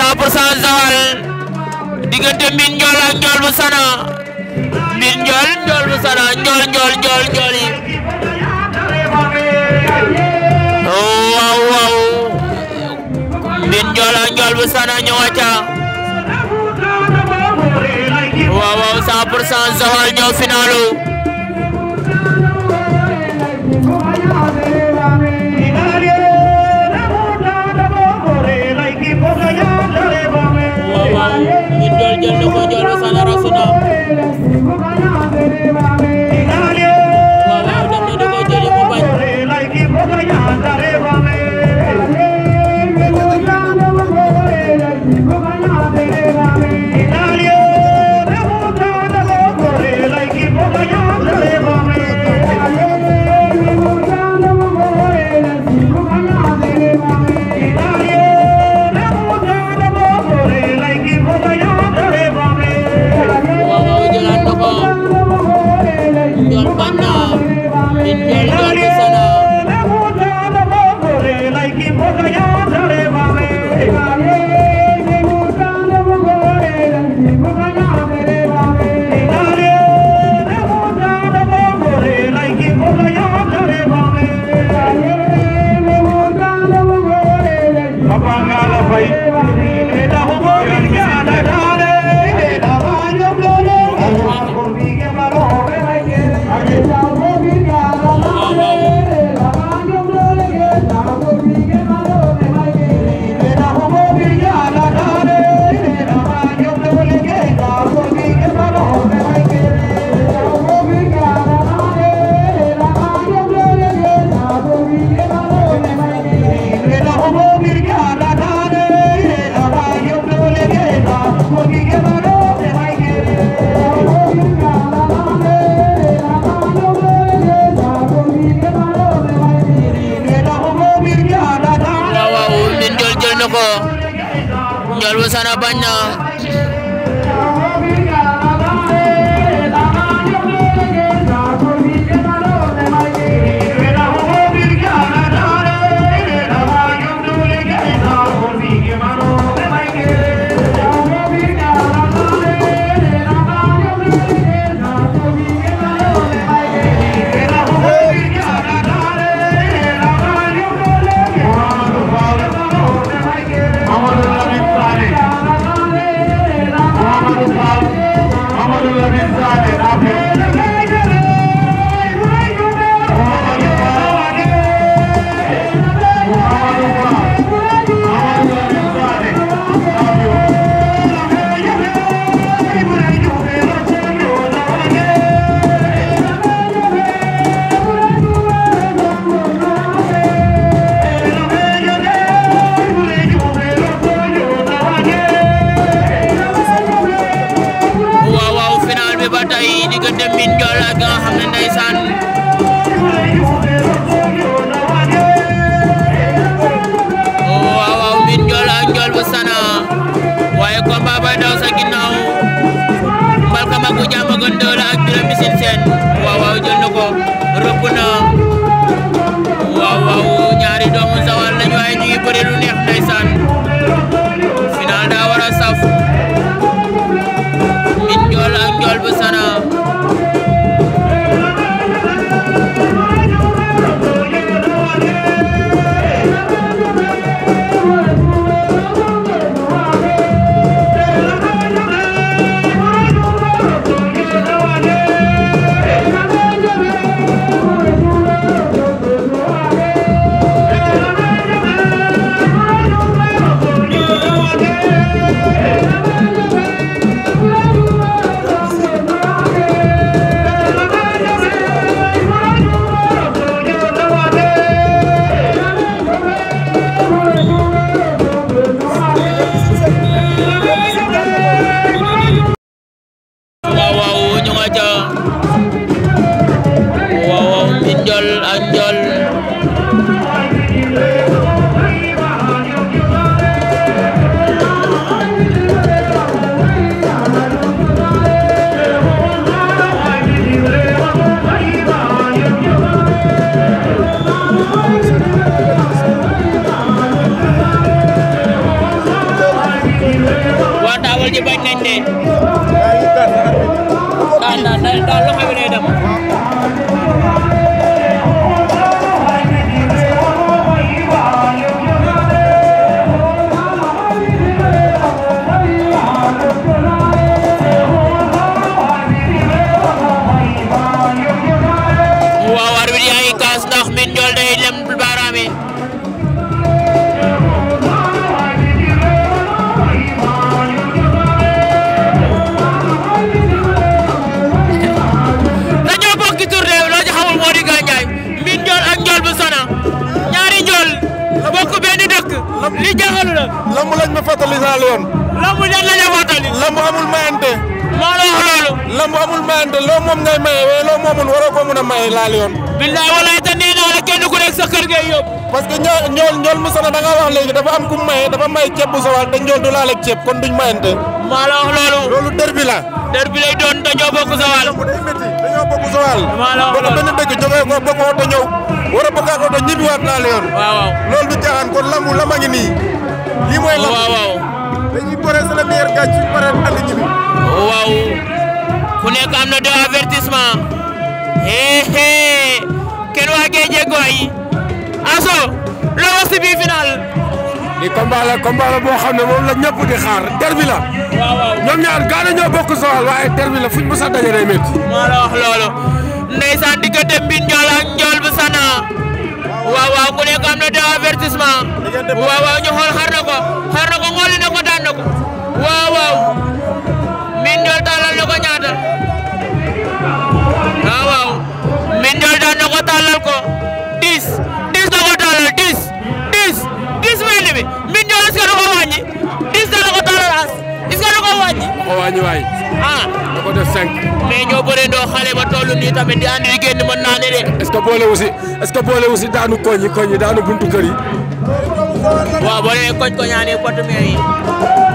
100 pour cent Joal diggante Mbine Ndiol ak bu Sana Mbine Ndiol Ndiol bu Sana Ndiol Ndiol Ndiol Ndiol yi oh, waaw waaw Mbine Ndiol bu Sana ñëwa ca waaw waaw 100 pour cent finalu belakang Jalur sana banyak xam ne ndeysaan waaw waaw mbir njool ak njool bu sana waaye combat bay daw sa ginnaaw mbalka magu jàmm gën doole ak juróomi sin seen xewal ji bañ nañ de. ah ndax ndax loxo bi day dem. la. lamb lañ ma fàttali saa yoon. lamb yan la ñu fàttali. lamb amul mayante. maa la wax loolu. lamb amul mayante loo moom ngay maye waaye loo moomul waroo ko mun a maye laal yoon. billaay walaay te nee naa la kenn ku nekk sa kër ngay yóbbu. parce que ñoo ñool mu sonal da nga wax léegi dafa am ku maye dafa may ceeb bu sowal te ñool du laal ak kon duñ mayante. loolu. loolu dër bi la. dër bi lay doon dañoo dëkk jógee ko bokkoo te ñëw war a bokkaat oto laal yoon. loolu du caaxaan kon lii mooy lan waaw waaw. dañuy bëre sa la meilleur waaw ku nekk am na deux avertissement. kenn waa Géej Géegoy aso loo wax si biir final. di combat la combat la boo ne xaar derby la. waaw ñaar gaana ñoo bokk waaye derby la fuñ mos a daje day métti. maa la wax loolu. ndeysaan diggante bu Sana. waaw ku nekk am na deux avertissement. waaw waaw ñu ah. da ko def cinq. mais ñoo bëree doo xale ba toll nii tamit di andi génn ne de. est ce que boole aussi est que boole aussi daanu koñ yi koñ yi daanu buntu kër yi. waaw koñ koñaanee porte-monnaie yi.